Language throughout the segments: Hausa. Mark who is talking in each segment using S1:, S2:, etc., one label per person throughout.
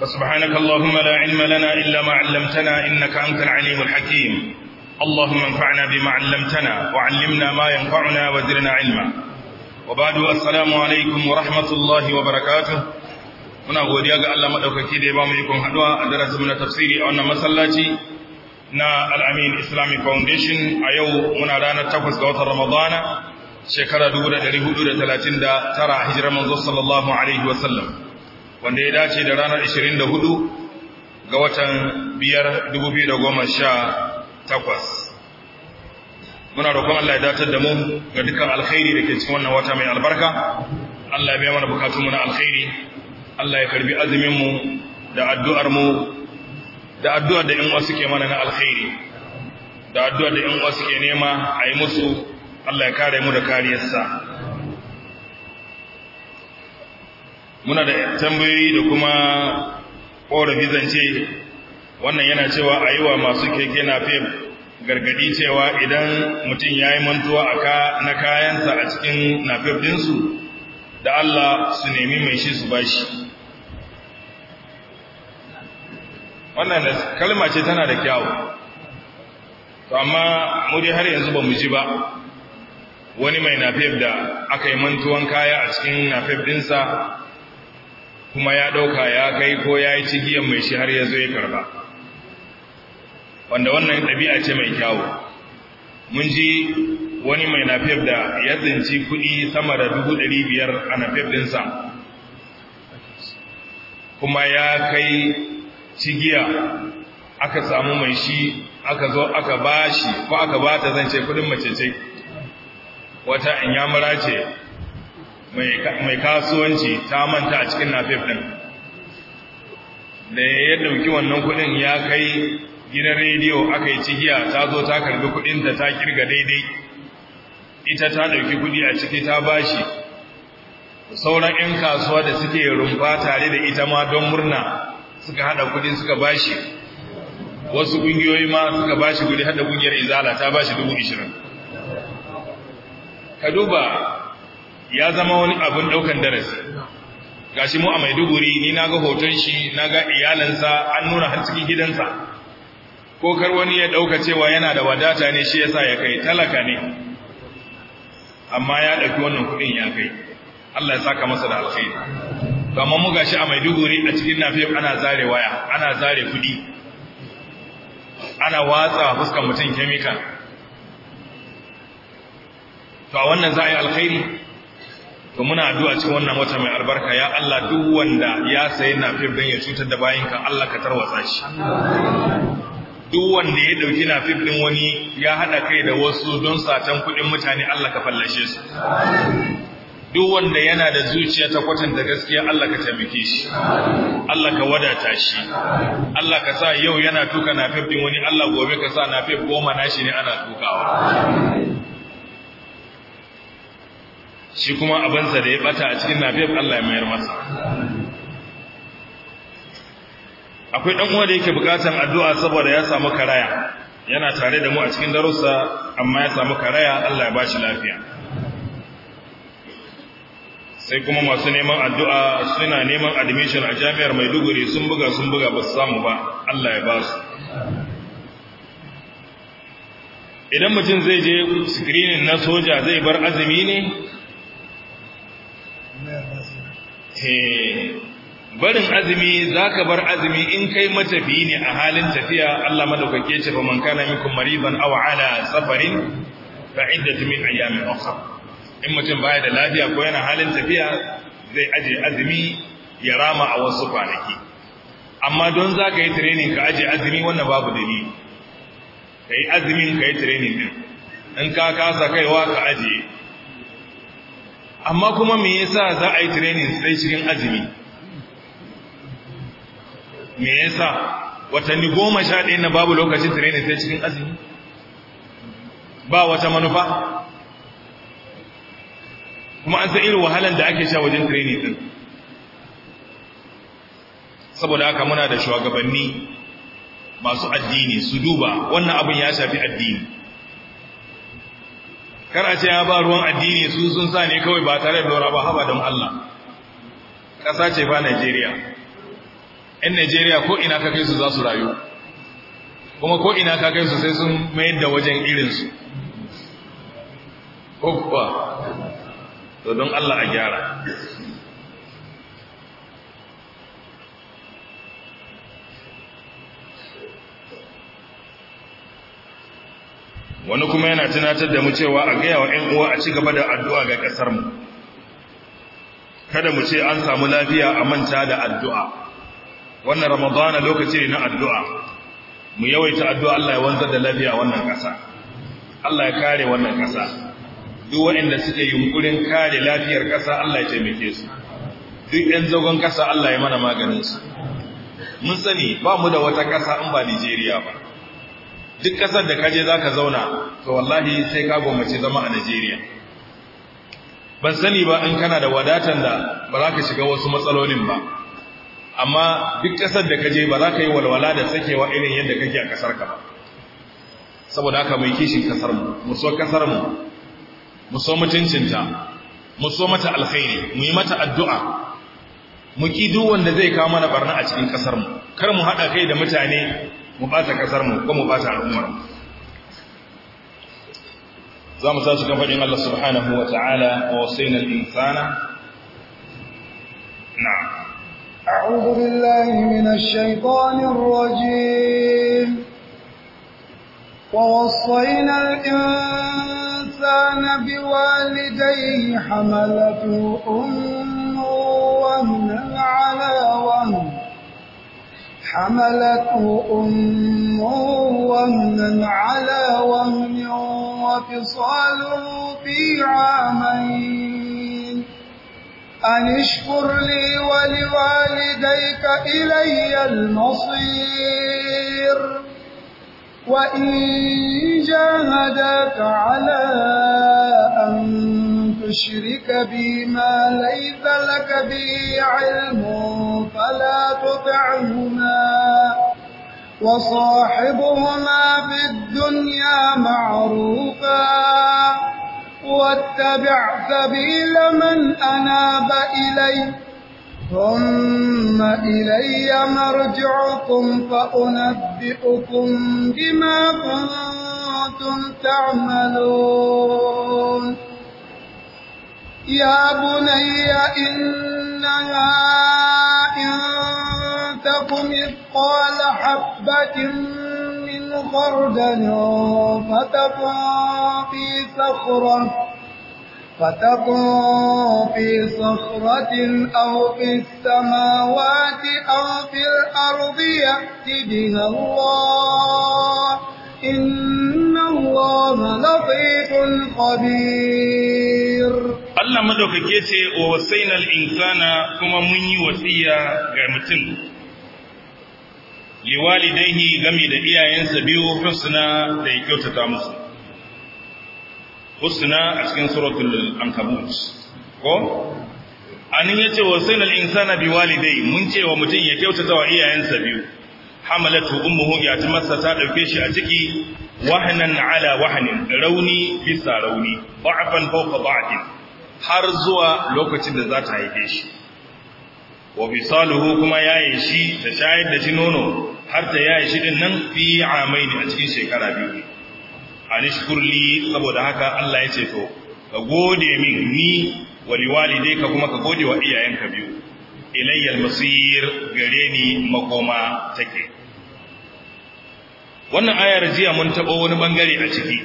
S1: فسبحانك اللهم لا علم لنا إلا ما علمتنا إنك أنت العليم الحكيم اللهم انفعنا بما علمتنا وعلمنا ما ينفعنا وزرنا علما وبعد السلام عليكم ورحمة الله وبركاته muna godiya ga Allah madaukaki da ya ba ikon haduwa a darasin na tafsiri a wannan masallaci na Al-Amin Islamic Foundation a yau muna ranar 8 ga watan Ramadana shekara 1439 hijirar manzo sallallahu alaihi wasallam wanda ya dace da ranar 24 ga watan sha 2018 muna roƙon Allah ya datar da mu ga dukkan alkhairi da ke cikin wannan wata mai albarka Allah ya biya mana bukatun mu na alkhairi Allah ya karbi azumin mu da addu'ar mu da addu'ar da ƴan suke mana na alkhairi da addu'ar da ƴan wasu suke nema a yi musu Allah ya kare mu da kariyarsa muna da tambayoyi da kuma ƙorafi zance wannan yana cewa a yi wa masu keke na fim gargadi cewa idan mutum ya yi mantuwa a na kayansa a cikin nafef ɗinsu da Allah su nemi mai shi su bashi wannan kalma ce tana da kyawu to amma muri har yanzu ba mu ji ba wani mai nafef da aka yi mantuwan kaya a cikin nafef dinsa. kuma ya ɗauka ya kai ko ya yi cikiyar mai shi har ya zo ya karba wanda wannan ɗabi'a ce mai kyawu mun ji wani mai nafiyar da ya tsinci kuɗi sama da dubu ɗari biyar a nafiyar ɗinsa kuma ya kai cigiya aka samu mai shi aka zo aka ba shi ko aka ba ta zance kuɗin mace ce wata in ce mai kasuwanci ta manta a cikin nafef ɗin da ya ɗauki wannan kuɗin ya kai gina rediyo aka yi cihiya ta zo ta karbi da ta kirga daidai ita ta ɗauki kuɗi a ciki ta bashi sauran 'yan kasuwa da suke rumfa tare da ita ma don murna suka haɗa kuɗi suka bashi wasu ƙungiyoyi ma suka bashi kuɗi haɗa ƙungiyar izala ta bashi dubu ishirin ka duba ya zama wani abin daukan darasi gashi mu a Maiduguri ni na ga hoton shi na ga iyalansa an nuna har cikin gidansa ko kar wani ya dauka cewa yana da wadata ne shi yasa ya kai talaka ne amma ya dauki wannan kudin ya kai Allah ya saka masa da alkhairi to amma mu gashi a Maiduguri a cikin nafi ana zare waya ana zare kuɗi. ana watsa fuskan mutum kemika. to a wannan za a yi alkhairi to muna addu'a cikin wannan wata mai albarka ya Allah duk wanda ya sayi nafif din ya cutar da bayinka Allah ka tarwatsa shi duk wanda ya dauki nafif din wani ya hada kai da wasu don satan kudin mutane Allah ka fallashe su duk wanda yana da zuciya ta kwatanta gaskiya Allah ka taimake shi Allah ka wadata shi Allah ka sa yau yana tuka nafif din wani Allah gobe ka sa nafif goma nashi ne ana tukawa shi kuma abinsa da ya bata a cikin nafiyar Allah ya mayar masa akwai dan uwa da yake bukatan addu'a saboda ya samu karaya yana tare da mu a cikin darussa amma ya samu karaya Allah ya bashi lafiya sai kuma masu neman addu'a suna neman admission a jami'ar Maiduguri sun buga sun buga ba su samu ba Allah ya ba su idan mutum zai je screening na soja zai bar azumi ne Eh, barin azumi za ka bar azumi in kai matafi ne a halin tafiya Allah madaukake ce fa man kana minkum mariban aw ala safarin fa iddatu min ayamin ukhra in mutum baya da lafiya ko yana halin tafiya zai aje azumi ya rama a wasu kwanaki amma don za ka yi training ka aje azumi wannan babu dani kai azumin kai training din in ka kasa kaiwa ka aje amma kuma me yasa za a yi training sai shirin azumi me yasa watanni goma sha ɗaya na babu lokacin training sai cikin azumi ba wata manufa kuma an san irin wahalan da ake sha wajen training din saboda haka muna da shugabanni masu addini su duba wannan abin ya shafi addini kar a ce ya ba ruwan addini su sun sa ne kawai ba tare da lura ba haba don Allah ƙasa ce ba Najeriya ‘yan Najeriya ko ina ka kai su za su rayu kuma ko ina ka kai su sai sun mayar da wajen irinsu ko kuwa to don Allah a gyara wani kuma yana tunatar da mu cewa a gaya wa ‘yan uwa a ci gaba da addu'a ga ƙasarmu kada mu ce an samu lafiya a manta da addu'a wannan ramadana lokaci ne na addu'a mu yawaita addu'a Allah ya wanzar da lafiya wannan ƙasa Allah ya kare wannan ƙasa duk waɗanda suke yunkurin kare lafiyar ƙasa Allah ya taimake su duk ɗan zagon ƙasa Allah ya mana su mun sani ba mu da wata ƙasa in ba Nijeriya ba duk ƙasar da kaje za ka zauna to wallahi sai ka gwammace zama a najeriya ban sani ba in kana da wadatan da ba za ka shiga wasu matsalolin ba amma duk ƙasar da kaje ba za ka yi walwala da sakewa irin yadda kake a ƙasar ka ba saboda haka mai kishin ƙasar mu mu so ƙasar mu mu so mutuncinta mu so mata alkhairi mu yi mata addu'a mu ki duk wanda zai kawo mana barna a cikin ƙasar mu kar mu haɗa kai da mutane mu bata ƙasarmu mu ko mu bata al'ummarmu. za mu su kan faɗin Allah subhanahu wa ta'ala wa wasaina al-insana
S2: na'am a'udhu billahi minash shaitanir rajim wa wasaina al-insana biwalidayhi hamalatu ummuhu حملته أمه ومنا على ومن وفصاله في عامين أن اشكر لي ولوالديك إلي المصير وإن جاهداك على أن تشرك بي ما ليس لك به علم فلا تطعهما وصاحبهما في الدنيا معروفا واتبع سبيل من أناب إلي ثم إلي مرجعكم فأنبئكم بما كنتم تعملون يا بني إنها إن تقم مثقال حبة من خردل فتكون في صخرة فتكون في صخرة أو في السماوات أو في الأرض يأتي بها الله إن الله لطيف خبير
S1: Allah madaukake ce wa wasainal insana kuma mun yi wasiya ga mutum walidaihi game da iyayensa biyu husna da ya kyautata musu husna a cikin suratul ankabut ko anin yace wasainal insana biwalidai mun ce wa mutum ya kyautata wa iyayensa biyu hamalatu ummuhu ya ta ta dauke shi a ciki wahnan ala wahnin rauni bisa rauni da'afan fawqa ba'din har zuwa lokacin da za ta haife shi wa Saluhu kuma yayin shi ta shayar da shi nono har ta yayin shi din nan fi amaini a cikin shekara biyu anishkurli saboda haka Allah ya ce to ka gode min ni wa ka kuma ka gode wa iyayenka biyu ilayyal masir gare ni makoma take wannan ayar jiya mun tabo wani bangare a ciki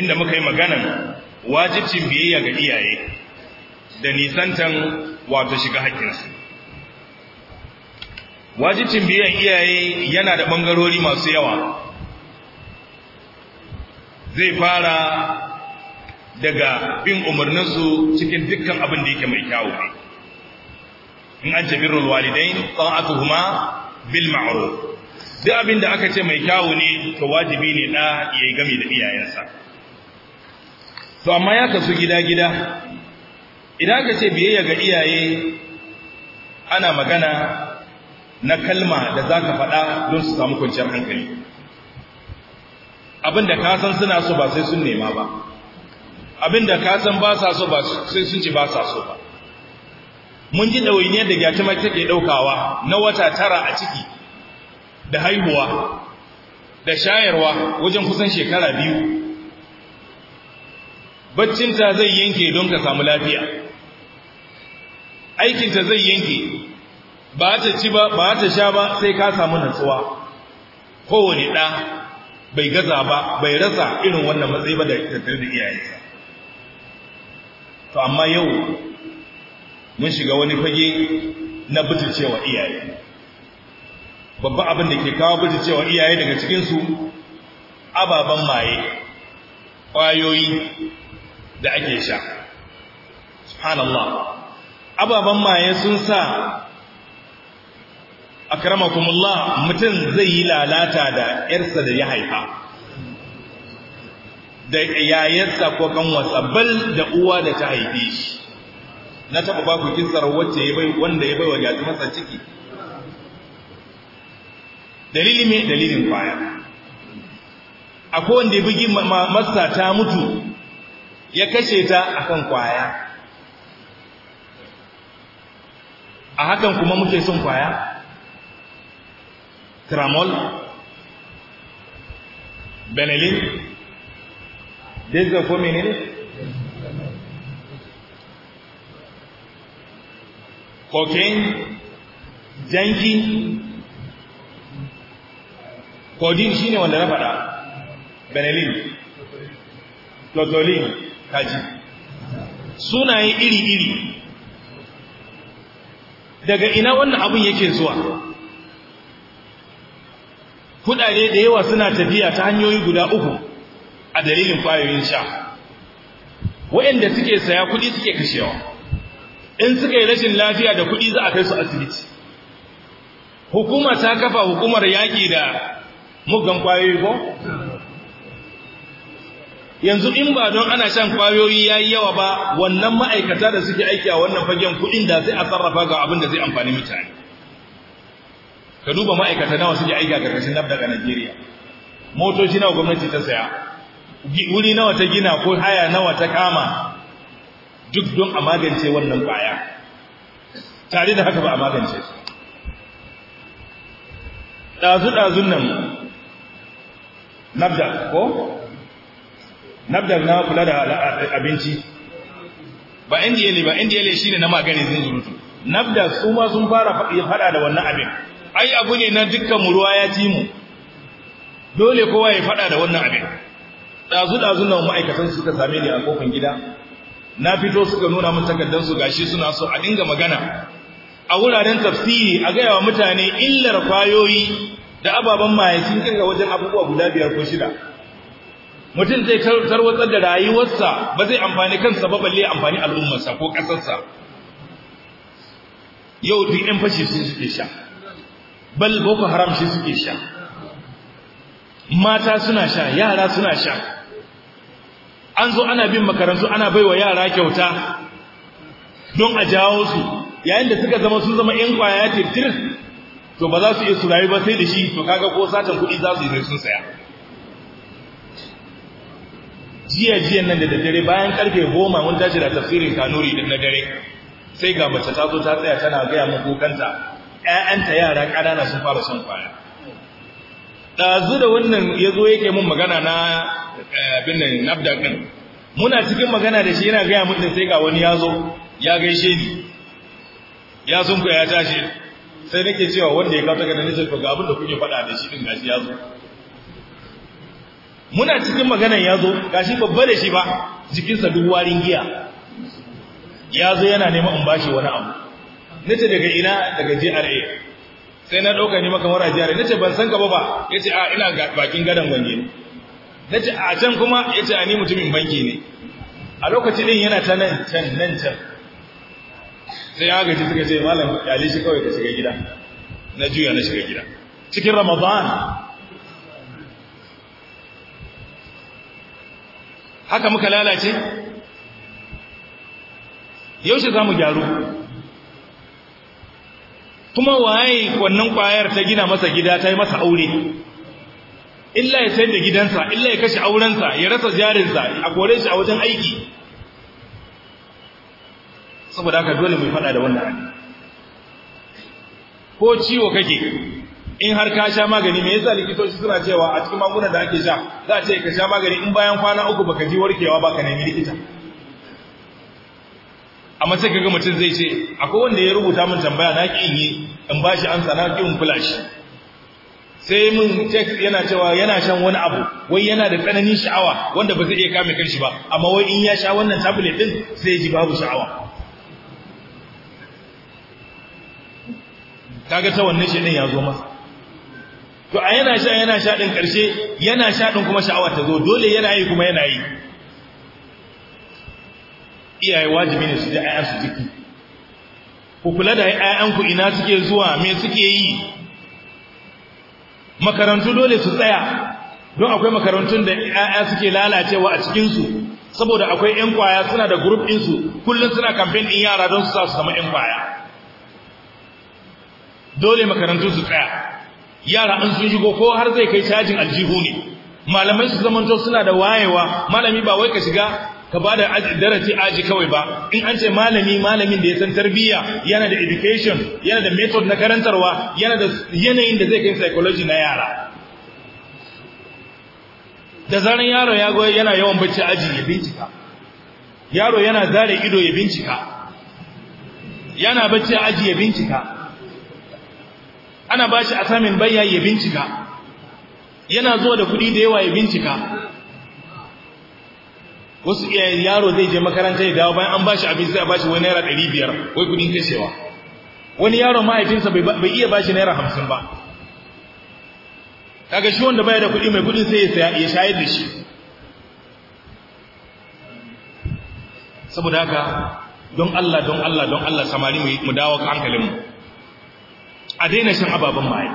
S1: inda muka yi maganan wajibcin biyayya ga iyaye da nisantan wato shiga haƙƙinsu wajibcin biyan iyaye yana da ɓangarori masu yawa zai fara daga bin umarninsu cikin dukkan abin da yake mai kyawu in an ce birrul walidain ta'atuhuma bil ma'ruf duk abin da aka ce mai kyawu ne to wajibi ne da yayi gami da iyayensa to amma ya kasu gida-gida idan ka ce biyayya ga iyaye ana magana na kalma da za ka faɗa don su samu kwanciyar hankali abinda ka san suna so ba sai sun nema ba abinda ka san ba sa so ba sai sun ci ba sa so ba mun ji ɗawainiyar da gyatima take ɗaukawa na wata tara a ciki da haihuwa da shayarwa wajen kusan shekara biyu baccinta zai yanke don ka samu lafiya aikinta zai yanke ba ta ci ba ba ta sha ba sai ka samu natsuwa kowane ɗa bai gaza ba bai rasa irin wannan matsayi ba da tattare da iyayensa to amma yau mun shiga wani fage na bijircewa iyaye babba abin da ke kawo bijircewa iyaye daga cikinsu ababen maye ƙwayoyi da ake sha subhanallah ababan maye sun sa akramakumullah mutum zai yi lalata da yarsa da ya haifa da yayarsa ko kanwarsa bal da uwa da ta haife shi na taba ku kisar wacce ya bai wanda ya bai wa gaji masa ciki dalili me dalilin kwaya akwai wanda ya bugi masa ta mutu ya kashe ta akan kwaya a hakan kuma muke son kwaya tramol benelin dezza menene cocaine janki codeine shine wanda na faɗa benelin lotolin kaji sunaye iri-iri daga ina wannan abin yake zuwa Kuɗaɗe da yawa suna tafiya ta hanyoyi guda uku a dalilin kwayoyin sha waɗanda suke saya kudi suke kashewa in suka yi rashin lafiya da kudi za a kai su asibiti hukuma ta kafa hukumar yaƙi da mugan kwayoyi ko yanzu in ba don ana shan kwayoyi ya yi yawa ba wannan ma'aikata da suke aiki a wannan fagen kuɗin da sai a sarrafa ga abin da zai amfani mutane ka duba ma'aikata nawa suke aiki a karkashin nafda daga Najeriya motoci nawa gwamnati ta saya wuri nawa ta gina ko haya nawa ta kama duk don a magance wannan baya tare da haka ba a magance su ɗazu-ɗazun nan nabda ko Nabdar na kula da abinci ba indiya ne ba ne shine na magani zin zurutu nafdar su ma sun fara fada da wannan abin ai abu ne na dukkan mu ruwa ya ci mu dole kowa ya fada da wannan abin dazu dazu na ma'aikatan suka same ni a kofin gida na fito suka nuna mun takardar su gashi suna so a dinga magana a wuraren tafsiri a gaya wa mutane illar kwayoyi da ababen maye sun kirga wajen abubuwa guda biyar ko shida mutum zai tarwatsar da rayuwarsa ba zai amfani kansa ba balle amfani al'ummarsa ko ƙasarsa yau duk 'yan fashi sun suke sha bal boko haram shi suke sha mata suna sha yara suna sha an zo ana bin makarantu ana baiwa yara kyauta don a jawo su yayin da suka zama sun zama 'yan kwaya tirtir to ba za su iya su rayu ba sai da shi to kaga ko satan kuɗi za su yi sun saya jiya jiyan nan da daddare bayan karfe goma mun tashi da tafsirin kanuri din na dare sai ga mace ta zo ta tsaya tana gaya min kokanta ƴaƴanta yara ƙanana sun fara son kwaya ɗazu da wannan ya zo yake mun magana na eh, abin nan nabda ɗin muna cikin magana da shi yana gaya mun da sai ga wani ya zo ya gaishe ni ya sunkuya ya tashi sai nake cewa wanda ya kawo takarda nace to ga abin da kuke faɗa da shi din gashi ya zo muna cikin ya zo ga shi babba da shi ba jikinsa duk warin giya zo yana neman in bashi wani abu nace daga ina daga JRA sai na dauka ni maka mara JRA nace ban san ka ba ba yace a ina ga bakin gadan gwanje nace a can kuma yace a ni mutumin banki ne a lokaci din yana ta nan can nan can sai ya gaji suka ce malam ya shi kawai ka shiga gida na juya na shiga gida cikin ramadan haka muka lalace yaushe za mu gyaru kuma waye wannan kwayar ta gina masa gida ta yi masa aure illa ya sayar da gidansa illa ya kashe aurensa ya rasa jarinsa a kore shi a wajen aiki saboda haka dole mu faɗa da wannan ko ciwo kake in har ka sha magani me yasa likitoci suna cewa a cikin magungunan da ake sha za a ce ka sha magani in bayan kwana uku baka ji warkewa ba ka nemi likita amma sai kaga mutum zai ce akwai wanda ya rubuta min tambaya na ki yi in ba shi ansa na ki in kula shi sai mun check yana cewa yana shan wani abu wai yana da tsananin sha'awa wanda ba zai iya kame kanshi ba amma wai in ya sha wannan tablet din sai ji babu sha'awa kaga ta wannan shi din ya zo masa to a yana sha yana sha din karshe yana sha din kuma sha'awa ta zo dole yana yi kuma yana yi iyaye wajibi ne su ji ayan su jiki ku kula da ayan ku ina suke zuwa me suke yi makarantu dole su tsaya don akwai makarantun da 'ya'ya suke lalacewa a cikin su saboda akwai 'yan kwaya suna da group din su kullun suna campaign din yara don su sa su zama ƴan kwaya dole makarantu su tsaya yara an sun shigo ko har zai kai cajin aljihu ne malamai su zamanto suna da wayewa malami ba wai ka shiga ka ba da darasi aji kawai ba in an ce malami malamin da ya san tarbiyya yana da education yana da method na karantarwa yana da yanayin da zai kai psychology na yara da zaran yaro ya goyi yana yawan bacci aji ya bincika yaro yana zare ido ya bincika yana bacci aji ya bincika ana ba shi asamin bayya ya bincika yana zuwa da kuɗi da yawa ya bincika wasu iyayen yaro zai je makaranta ya dawo bayan an ba shi abin zai a ba shi wani naira ɗari biyar wai kuɗin kashewa wani yaro mahaifinsa bai iya ba shi naira hamsin ba kaga shi wanda baya da kuɗi mai kudin sai ya shayar da shi saboda haka don Allah don Allah don Allah samari mu dawo ka hankalinmu a daina shan ababen maye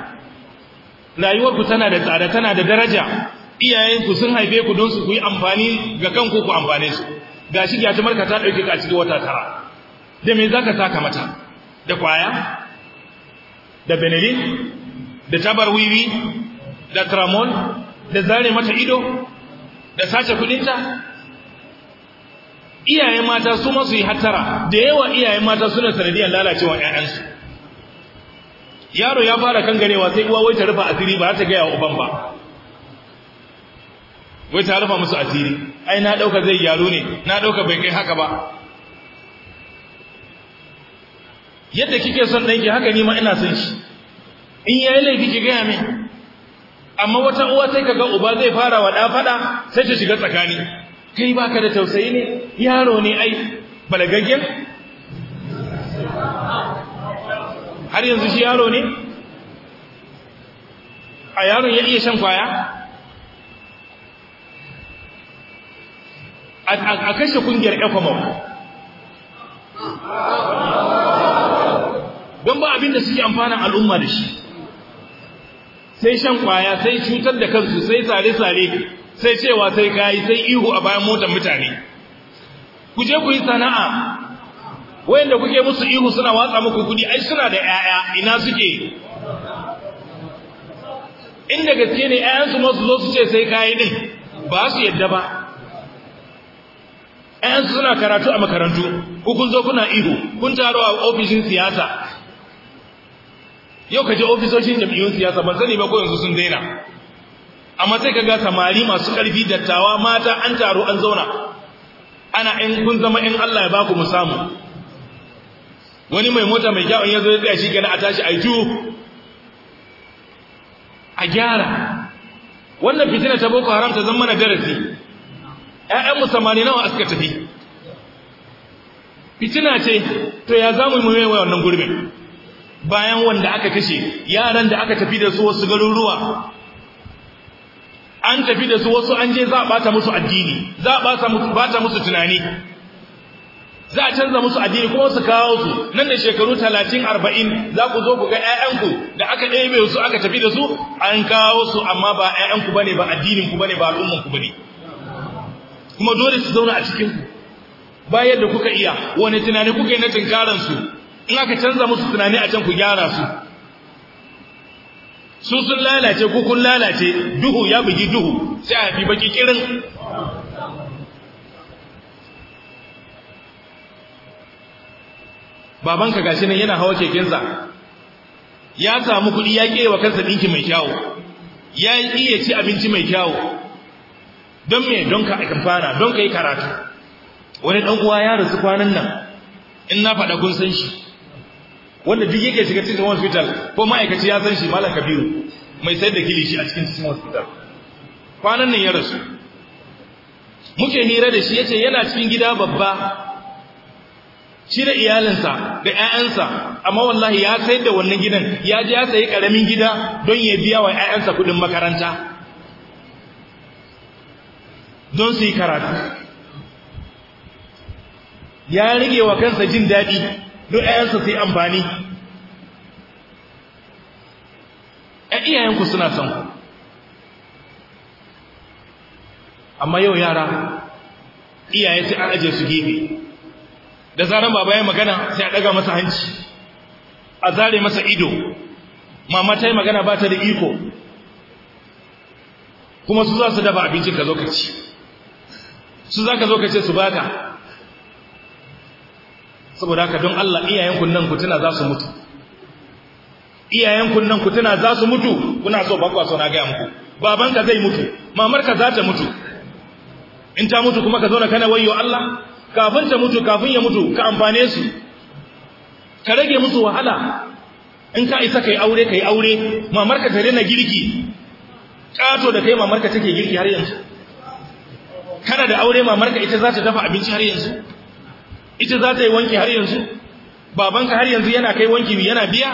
S1: rayuwarku tana da tsada tana da daraja iyayenku sun haife ku don su ku yi amfani ga kanku ku amfane su gashi gyatumar marka ta ɗauke ka cikin wata tara da me za ka saka mata da kwaya da benelin da tabar wiwi da tramol da zare mata ido da sace kudinta Iyayen mata su masu yi hattara da yawa iyayen mata suna sanadiyar lalacewa 'ya'yansu yaro ya fara ganewa sai uwa wai ta rufa asiri ba ta gaya wa uban ba wai ta rufa musu asiri ai na dauka zai yaro ne na dauka bai kai haka ba yadda kike son ɗanki haka ni ma ina son shi in ya yi laifi ki gaya min amma wata uwa sai kaga uba zai fara wa da fada sai ta shiga tsakani kai baka da tausayi ne yaro ne ai balagaggen har yanzu shi yaro ne a yaron ya iya shan kwaya a kashe kungiyar ecomoc don ba abin suke amfanin al'umma da shi sai shan kwaya sai cutar da kansu sai tsare-tsare sai cewa sai kayi sai ihu a bayan motar mutane ku je ku yi sana'a wayanda kuke musu ihu suna watsa muku kudi ai suna da yaya ina suke
S2: inda gaske ne yayansu ma su zo su ce sai kayi din
S1: ba su yadda ba yayansu suna karatu a makarantu ku kun zo kuna ihu kun taro a ofishin siyasa yau kaje ofisoshin jam'iyyun siyasa ban sani ba ko yanzu sun daina amma sai kaga samari masu karfi dattawa mata an taro an zauna ana in kun zama in Allah ya baku mu samu wani mai mota mai kyawun ya zo ya shi gani a tashi a ju a gyara wannan fitina ta boko haram ta zama na darasi ƴaƴan musamman nawa suka tafi fitina ce to ya zamu mu yi wannan gurbin bayan wanda aka kashe yaran da aka tafi da su wasu garuruwa an tafi da su wasu an je za a bata musu addini za a bata musu tunani za a canza musu addini kuma su kawo su nan da shekaru 30 40 za ku zo ku ga ƴaƴanku da aka ɗebe su aka tafi da su an kawo su amma ba ƴaƴanku bane ba addinin ku bane ba al'umman ku bane kuma dole su zauna a cikin ku ba yadda kuka iya wani tunani kuka yi na tinkaran su in aka canza musu tunani a can ku gyara su su sun lalace ku kun lalace duhu ya bugi duhu sai a bi baki kirin babanka gashi nan yana hawa kekensa ya samu kuɗi ya kewa kansa ɗinki mai kyawu ya iya ci abinci mai kyawu don me don ka amfana don kai karatu wani ɗan uwa ya rasu kwanan nan in na faɗa kun san shi wanda duk yake shiga cikin hospital ko ma'aikaci ya san shi malam kabiru mai sayar da kilishi a cikin cikin hospital kwanan nan ya rasu muke hira da shi yace yana cikin gida babba shi da iyalinsa da 'ya'yansa, amma wallahi ya sayar da wannan gidan ya je ya sayi karamin gida don ya biya wa 'ya'yansa kuɗin makaranta don su yi karatu ya rige wa kansa jin daɗi don ƴaƴansa su yi amfani ƴan iyayenku suna son ku amma yau yara iyaye sai an aje su gefe da zaran baba ya magana sai a daga masa hanci a zare masa ido mama ta yi magana ba ta da iko kuma su za su dafa abincin ka zo ka ci su za ka zo ka ce su baka saboda haka don Allah iyayen kunnan ku tana za su mutu iyayen kunnan ku tana za su mutu kuna so bakwa so na ga muku babanka zai mutu mamarka za ta mutu in ta mutu kuma ka zo na kana wayyo Allah kafin ta mutu kafin ya mutu ka amfane su ka rage musu wahala in ka isa kai aure kai aure mamarka ta na girki kato da kai mamarka take girki har yanzu kana da aure mamarka ita za ta dafa abinci har yanzu ita za ta yi wanki har yanzu babanka har yanzu yana kai wanki yana biya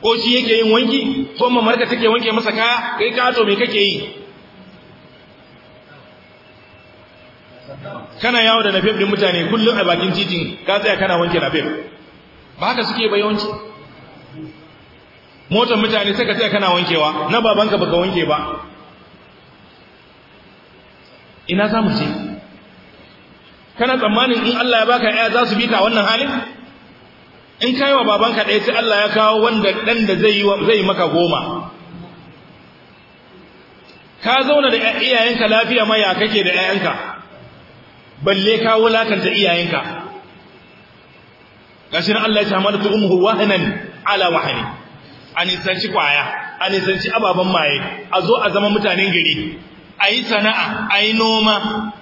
S1: ko shi yake yin wanki ko mamarka take wanke masa kaya kai kato me kake yi kana yawo da nafef din mutane kullum a bakin titin ka tsaya kana wanke nafef ba haka suke ba yawanci motar mutane sai ka tsaya kana wankewa na babanka baka wanke ba ina za mu je kana tsammanin in Allah ya baka ya za su bi ka wannan halin in kai wa babanka ɗaya sai Allah ya kawo wanda ɗan da zai yi zai maka goma
S2: ka zauna da iyayenka lafiya ma ya kake da 'ya'yanka
S1: balle ka wulakanta iyayenka gashin Allah ya ce hamalatu ummuhu wahanan ala wahani an nisanci kwaya an nisanci ababen maye a zo a zama mutanen gari a yi sana'a a noma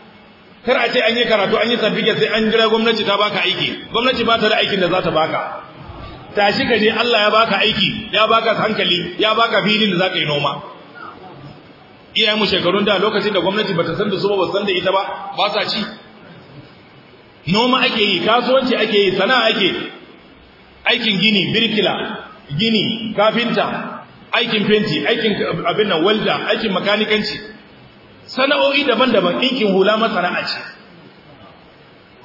S1: kar a ce an yi karatu an yi certificate sai an jira gwamnati ta baka aiki gwamnati ba ta da aikin da za ta baka tashi ka je Allah ya baka aiki ya baka hankali ya baka filin da za ka yi noma iyayen mu shekarun da lokacin da gwamnati bata ta san da su ba ba san da ita ba ba sa ci noma ake yi kasuwanci ake yi sana'a ake aikin gini birkila gini kafinta aikin fenti aikin abin nan walda aikin makanikanci sana'o'i daban-daban ɗinkin hula masana'a ce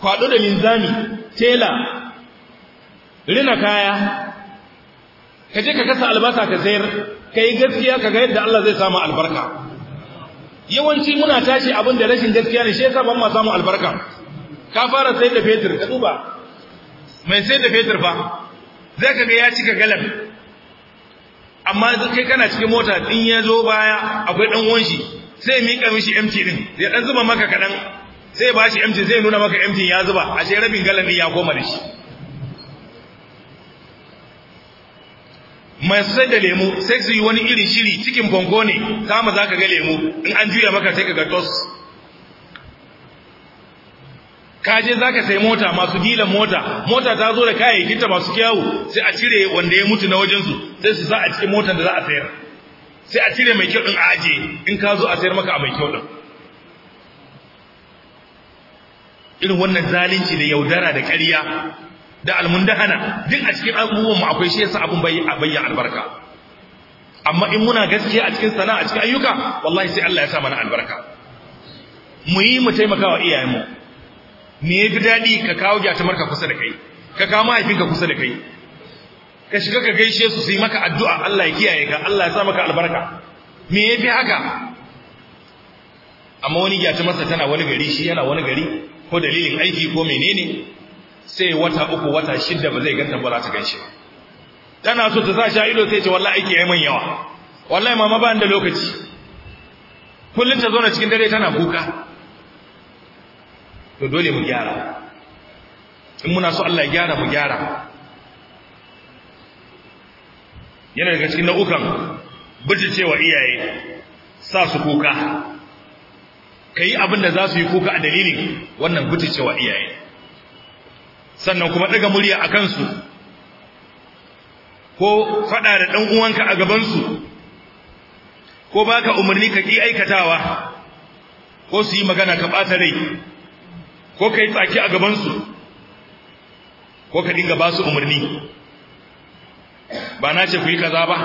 S1: kwaɗo da linzami tela rina kaya ka je ka kasa albasa ka sayar ka yi gaskiya ka ga yadda Allah zai samu albarka yawanci muna tashi abin da rashin gaskiya ne shi yasa ban ma samu albarka ka fara sai da fetur ka duba mai sai da fetur fa zai kaga ya cika galab amma kai kana cikin mota din ya zo baya akwai dan uwan shi sai mika mishi MT din zai dan zuba maka kadan sai ba shi MT zai nuna maka MT ya zuba ashe rabin galan din ya koma da shi mai sai da lemu sai su yi wani irin shiri cikin bongo ne kama zaka ga lemu in an juya maka sai ka ga tos ka je zaka sai mota masu gilan mota mota ta zo da kayayyakin masu kyawu sai a cire wanda ya mutu na wajen su sai su sa a cikin motar da za a sayar sai a cire mai kyau din a aje in ka zo a sayar maka a mai kyau din irin wannan zalunci da yaudara da ƙarya da almundahana duk a cikin abubuwan mu akwai shi yasa abun bai a bayyana albarka amma in muna gaskiya a cikin sana'a a cikin ayyuka wallahi sai Allah ya sa mana albarka mu yi mu taimakawa iyayenmu me yafi dadi ka kawo gyatumarka kusa da kai ka kawo mahaifinka kusa da kai ka shiga ka gaishe su su yi maka addu'a Allah ya kiyaye ka Allah ya sa maka albarka me yafi haka amma wani gyatumarsa tana wani gari shi yana wani gari ko dalilin aiki ko menene sai wata uku wata shidda ba zai ganta ba za ta ganshi ba tana so ta sa sha ido sai ce wallahi aiki yayi man yawa wallahi mama ba da lokaci kullun ta zo na cikin dare tana kuka to dole mu gyara in muna so Allah ya gyara mu gyara yana daga cikin nau'ukan cewa iyaye sa su kuka kai abin da za su yi kuka a dalilin wannan cewa iyaye sannan kuma daga murya a kansu ko fada da dan uwanka a gabansu ko baka umarni ka ki aikatawa ko su yi magana ka ɓata rai ko ka yi tsaki a gabansu ko ka dinga ba su umarni ba na ce ku yi kaza ba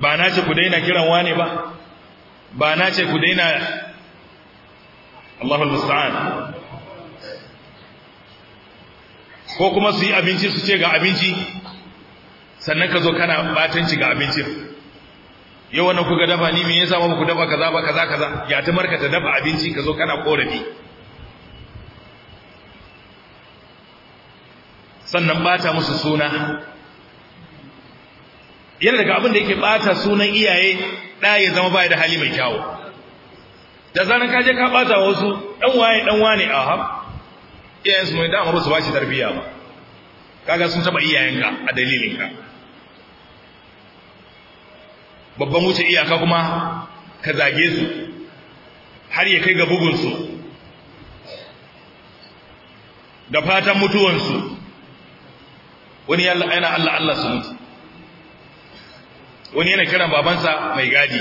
S1: ba na ce ku daina kiran wane ba ba na ce ku daina Allahul musta'an ko kuma su yi abinci su ce ga abinci sannan ka zo kana batanci ga abincin yau wannan kuka dafa ni me yasa ba ku dafa kaza ba kaza kaza ya ta marka ta dafa abinci ka zo kana korafi sannan bata musu suna yana daga abin da yake bata sunan iyaye da ya zama bai da hali mai kyawu da zanan ka ka bata wasu dan waye dan wane ha iyayen su mai da ba su bashi tarbiyya ba kaga sun taba iyayenka a dalilinka babban wuce iyaka kuma ka zage su har ya kai ga bugun su, da fatan mutuwansu wani yana Allah Allah su mutu wani yana kiran babansa mai gadi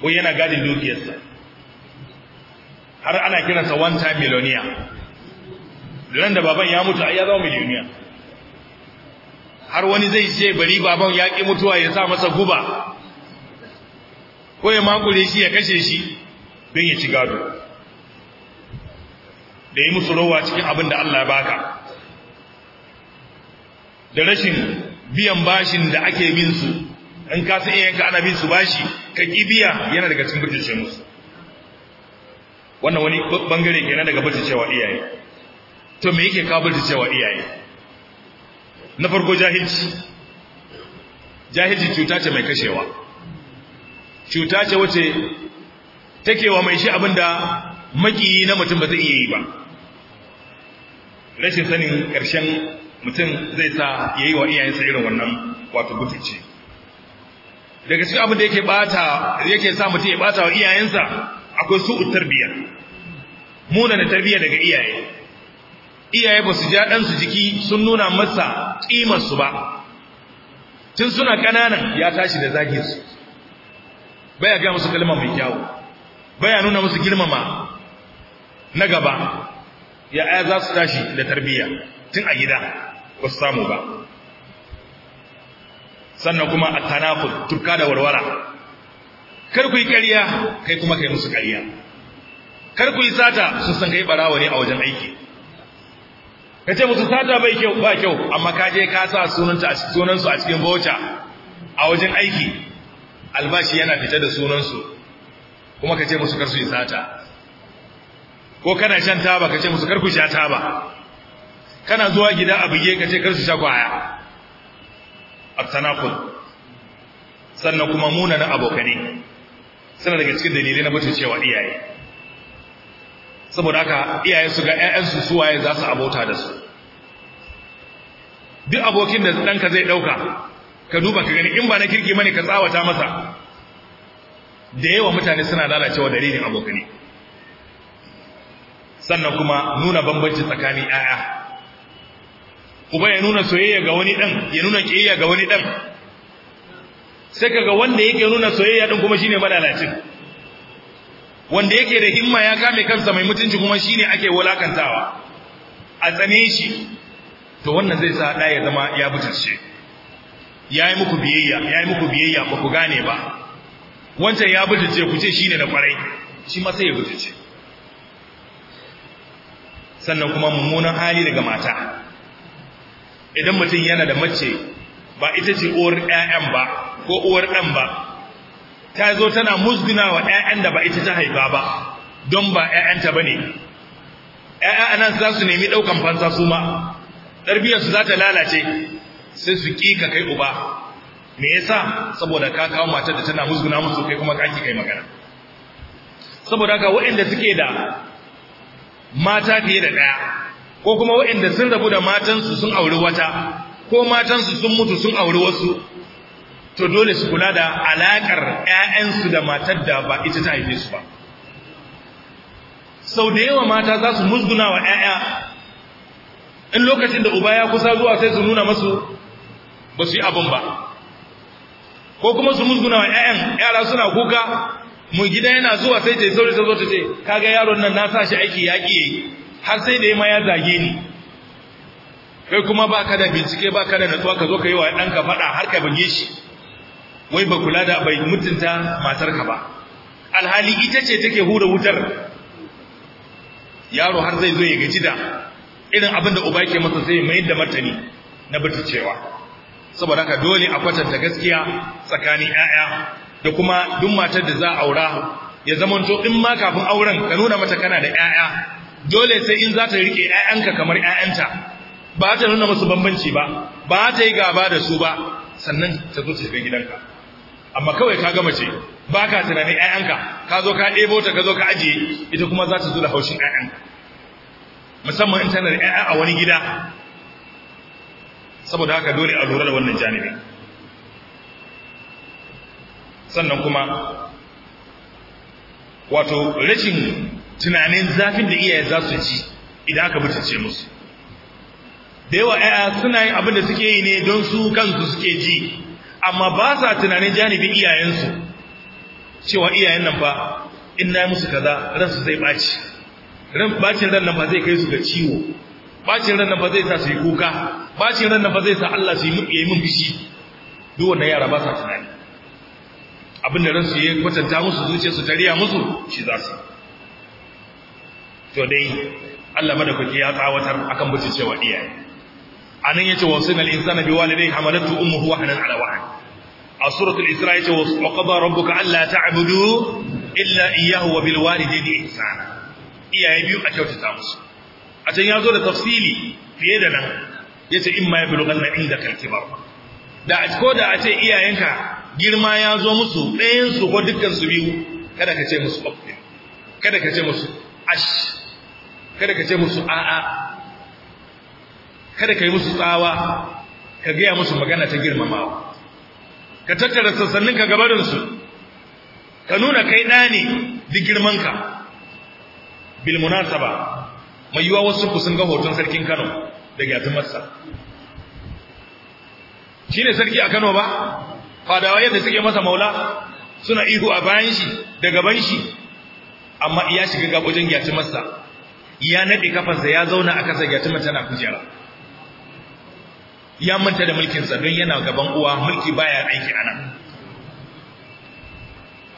S1: ko yana gadin dukiyarsa har ana kiransa one time millionaire ran da baban ya mutu ai ya zama millionaire har wani zai ce bari baban ya ki mutuwa ya sa masa guba ko ya makure shi ya kashe shi don ya ci gado da yi musu rowa cikin abin da Allah ya baka da rashin biyan bashin da ake bin su in ka san iyayenka ana bin su bashi ka ki biya yana daga cikin butulce musu wannan wani bangare kenan daga wa iyaye to me yake ka wa iyaye na farko jahilci jahilci cuta ce mai kashewa cuta ce wace take wa mai shi abinda makiyi na mutum ba zai iya yi ba rashin sanin ƙarshen mutum zai sa ya yi wa iyayensa irin wannan wato butulci daga cikin abin da yake bata yake sa mutum ya bata wa iyayensa akwai su'u tarbiyya muna da tarbiyya daga iyaye iyaye ba su ja ɗansu jiki sun nuna masa ƙimarsu ba tun suna ƙananan ya tashi da zaginsu baya gaya musu kalma mai kyawu baya nuna musu girmama na gaba ya aya za su tashi da tarbiyya tun a gida ba samu ba sannan kuma a tanafud turka da warwara kar ku yi ƙarya kai kuma kai musu ƙarya kar ku yi sata su san kai barawa ne a wajen aiki ka ce musu sata bai kyau ba kyau amma ka je ka sa sunanta a sunansu a cikin bauta a wajen aiki albashi yana fita da sunansu kuma ka ce musu kar su yi sata ko kana shan taba ka ce musu kar ku sha taba kana zuwa gida a buge ka ce kar su sha kwaya at-tanaqul sannan kuma munanan abokane suna daga cikin dalili na cewa iyaye saboda haka iyaye su ga ƴaƴan su waye za su abota da su duk abokin da ɗanka zai ɗauka ka duba ka gani in ba na kirki mane ka tsawata masa da yawa mutane suna lalacewa dalilin abokane sannan kuma nuna bambanci tsakanin ƴaƴa kuma ya nuna soyayya ga wani dan ya nuna kiyayya ga wani dan sai kaga wanda yake nuna soyayya din kuma shine malalacin wanda yake da himma ya kame kansa mai mutunci kuma shine ake wulakantawa a tsane shi to wannan zai sa da ya zama ya ya yayi muku biyayya yayi muku biyayya ba ku gane ba wancan ya butulce ku ce shine da kwarai shi ma sai ya butulce sannan kuma mummunan hali daga mata idan mutum yana da mace ba ita ce uwar ƴaƴan ba ko uwar ɗan ba ta zo tana musgina wa ƴaƴan da ba ita ta haifa ba don ba ƴaƴanta ne ƴaƴa anan za su nemi ɗaukan fansa su ma tarbiyyar su za ta lalace sai su ƙi ka kai uba me yasa saboda ka kawo matar da tana musguna musu kai kuma kaki kai magana saboda haka waɗanda suke da mata fiye da ɗaya ko kuma waɗanda sun rabu da matansu sun auri wata ko matansu sun mutu sun auri wasu to dole su kula da alaƙar ‘ya'yansu da matar da ba ita ta haife su ba sau da yawa mata za su musguna wa ‘ya'ya in lokacin da uba ya kusa zuwa sai su nuna masu ba su yi abin ba ko kuma su musguna wa ‘ya'yan yara suna kuka mu gida yana zuwa sai ta yi sauri ta zo ta ce kaga yaron nan na sa shi aiki yaƙi yayi har sai da ma ya zage ni kai kuma ba ka da bincike ba ka da natsuwa ka zo ka yi wa ɗanka faɗa har ka bange shi wai ba kula da bai mutunta matarka ba alhali ita ce take hura wutar yaro har zai zo ya gaji da irin abin da uba yake masa sai mai da martani na butulcewa saboda haka dole a kwatanta gaskiya tsakanin ƴaƴa da kuma duk matar da za a aura ya zamanto in ma kafin auren ka nuna mata kana da ƴaƴa dole sai in za ta rike ‘ya'yanka kamar ‘ya'yanta ba ta nuna musu bambanci ba ba ta yi gaba da su ba sannan ta zo ta shiga gidanka amma kawai ka gama ce ba ka tunanin ‘ya'yanka ka zo ka ɗebo ta ka zo ka ajiye ita kuma za ta zo da haushin ‘ya'yanka musamman in tana da ‘ya'ya a wani gida saboda haka dole a lura da wannan janibi sannan kuma wato rashin tunanin zafin da iyaye za su ji idan aka mutunce musu da yawa ƴaƴa suna yin abin da suke yi ne don su kansu suke ji amma ba sa tunanin janibin iyayensu cewa iyayen nan ba in na musu kaza ransu zai ɓaci ran bacin ran nan ba zai kai su ga ciwo bacin ran nan ba zai sa su yi kuka bacin ran nan ba zai sa Allah su yi min fishi duk wannan yara ba sa tunani abin da ransu ya kwatanta musu zuciyarsu ta riya musu shi za su yi. to dai Allah madaukaki ya tsawatar akan cewa iyaye anan yace wasina al-insana biwalidayhi hamalatu ummuhu wahnan ala wahn a suratul isra yace wa qada rabbuka alla ta'budu illa iyyahu wa bil walidayni ihsana iyaye biyu a kyautata musu a can ya zo da tafsili fiye da nan yace in ma yablughan na inda kalkibar da a ko da a ce iyayenka girma ya zo musu ɗayan su ko dukkan su biyu kada ka ce musu kada ka ce musu ash kada ka ce musu a'a kada ka yi musu tsawa ka gaya musu magana ta girmamawa ka tattara sassanin ka gabarinsu ka nuna kai ɗa ne duk girmanka bil munasaba mai yiwa wasu ku sun ga hoton sarkin Kano da Shi shine sarki a Kano ba fadawa yadda suke masa maula suna ihu a bayan shi da gaban shi amma iya shiga gabojin masa ya nade kafarsa ya zauna a kasa tuma tana kujera ya manta da mulkinsa don yana gaban uwa mulki baya aiki ana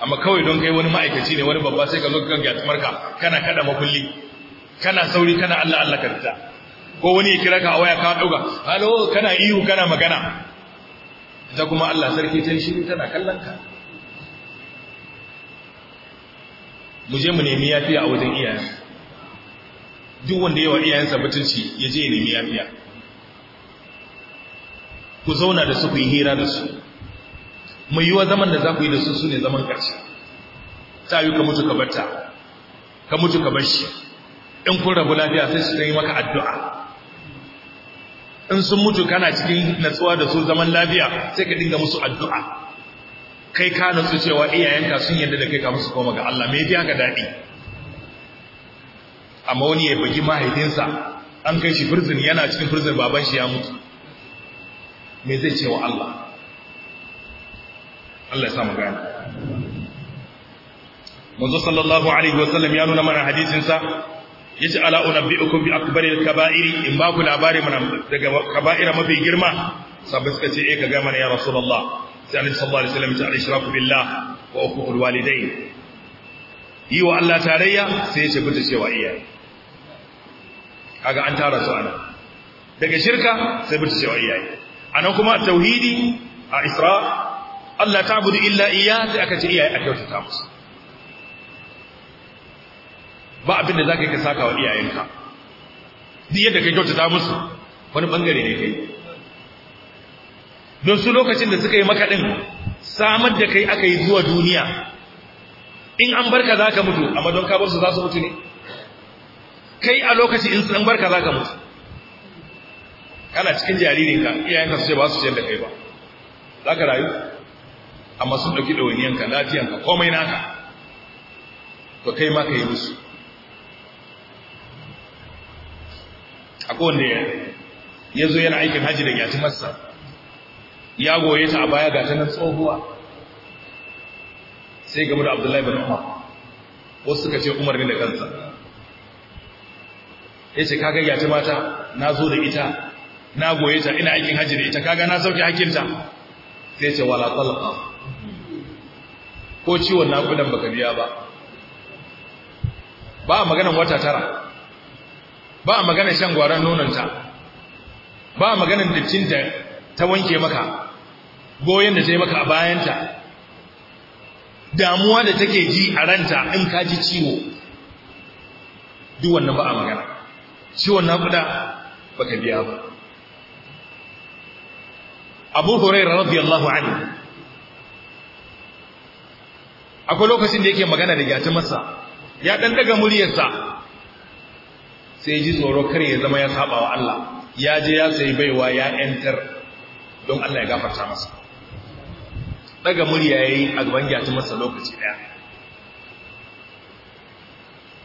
S1: amma kawai don kai wani ma'aikaci ne wani babba sai ka zo kan gyatumarka kana kada makulli kana sauri kana Allah Allah ka fita ko wani ya kira ka a waya ka dauka halo kana ihu kana magana ita kuma Allah sarki ta shiri tana kallon ka mu je mu nemi yafiya a wajen iyayen duk wanda yawa iyayensa mutunci ya je ya nemi yafiya ku zauna da su ku yi hira da su mai yiwa zaman da za ku yi da su su ne zaman ƙarshe ta yi ka mutu ka bata ka mutu ka bar in kun rabu lafiya sai su yi maka addu'a in sun mutu kana cikin natsuwa da su zaman lafiya sai ka dinga musu addu'a kai ka natsu cewa iyayenka sun yadda da kai ka musu koma ga Allah me yafi haka daɗi amma wani ya bugi mahaifinsa an kai shi prison yana cikin prison baban shi ya mutu me zai ce wa Allah Allah ya samu gani manzo sallallahu alaihi wasallam ya nuna mana hadisin sa yace ala unabbiukum bi akbaril kaba'iri in ba ku labari mana daga kaba'ira mafi girma sabu suka ce eh ka ga mana ya rasulullah sai annabi sallallahu alaihi wasallam ya ce al-ishraku billah wa uququl walidayn yi wa Allah tarayya sai ya ce bata cewa iyaye kaga an tara su ana daga shirka sai bi cewa iyaye anan kuma tauhidi a isra Allah ta'budu illa iya sai aka ce iyaye a kyautata musu ba abin da zaka yi ka saka wa iyayenka duk yadda ka kyautata musu wani bangare ne kai don su lokacin da suka yi maka din samar da kai aka yi zuwa duniya in an barka zaka mutu amma don ka bar su za su mutu ne kai a lokaci in sun barka za ka mutu kana cikin jaririnka iyayenka su ce ba su ce da kai ba za ka rayu amma sun ɗauki ɗawainiyanka lafiyanka komai naka to kai ma ka yi musu a kowanne ya zo yana aikin Haji da yaci masa ya goye ta a baya gata na tsohuwa sai game da abdullahi bin umar wasu suka ce umar ne da kansa ya ce kaga ta mata na zo da ita na goye ta ina aikin hajji da ita kaga na sauke hakinta sai ce wala talqa ko ciwon nakudan baka biya ba ba a maganan wata tara ba a maganan shan gwaran nononta ba a maganan dattin da ta wanke maka goyen da ta yi maka a bayanta damuwa da take ji a ranta in ka ji ciwo duk wannan ba a magana ciwon ba ka biya ba abu huraira radiyallahu anhu akwai lokacin da yake magana da gyata masa ya dan daga muryarsa sai ji tsoro kar ya zama ya saba wa Allah ya je ya sayi baiwa ya enter don Allah ya gafarta masa daga murya yayi a gaban gyata masa lokaci daya